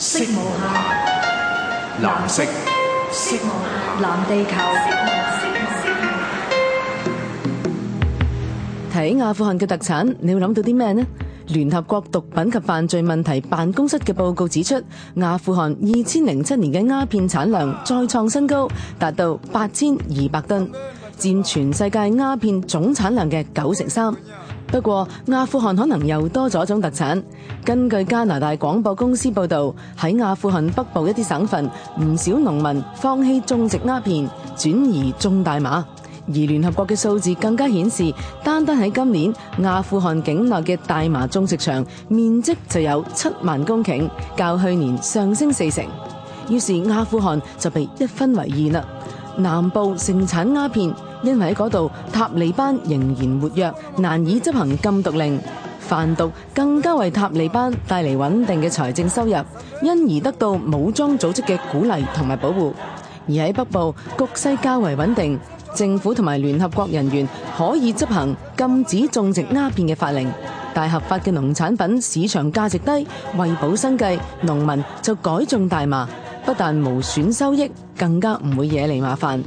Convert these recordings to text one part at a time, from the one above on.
色無下，藍色。色無下，藍地球。提起阿富汗嘅特產，你會諗到啲咩呢？聯合國毒品及犯罪問題辦公室嘅報告指出，阿富汗二千零七年嘅鴉片產量再創新高達，達到八千二百噸，佔全世界鴉片總產量嘅九成三。不過，阿富汗可能又多咗種特產。根據加拿大廣播公司報道，喺阿富汗北部一啲省份，唔少農民放棄種植鴉片，轉移種大麻。而聯合國嘅數字更加顯示，單單喺今年，阿富汗境內嘅大麻種植場面積就有七萬公頃，較去年上升四成。於是，阿富汗就被一分為二啦。南部盛產鴉片，因為喺嗰度塔利班仍然活躍，難以執行禁毒令，販毒更加為塔利班帶嚟穩定嘅財政收入，因而得到武裝組織嘅鼓勵同埋保護。而喺北部局勢較為穩定，政府同埋聯合國人員可以執行禁止種植鴉片嘅法令，但合法嘅農產品市場價值低，為保生計，農民就改種大麻。不但無損收益，更加唔會惹嚟麻煩。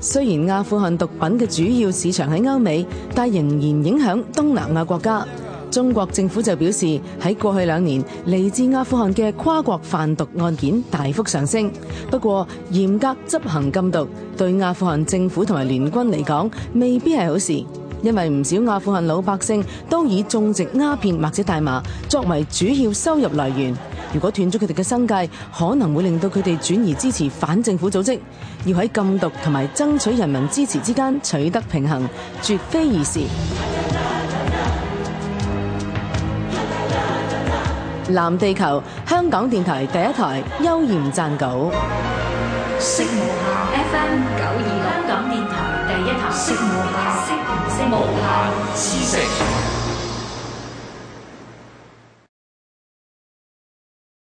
雖然阿富汗毒品嘅主要市場喺歐美，但仍然影響東南亞國家。中國政府就表示，喺過去兩年，嚟自阿富汗嘅跨國販毒案件大幅上升。不過，嚴格執行禁毒，對阿富汗政府同埋聯軍嚟講，未必係好事，因為唔少阿富汗老百姓都以種植鴉片或者大麻作為主要收入來源。如果斷咗佢哋嘅生計，可能會令到佢哋轉移支持反政府組織。要喺禁毒同埋爭取人民支持之間取得平衡，絕非易事。藍地球，香港電台第一台，悠然讚九， Milton 空 Maybe it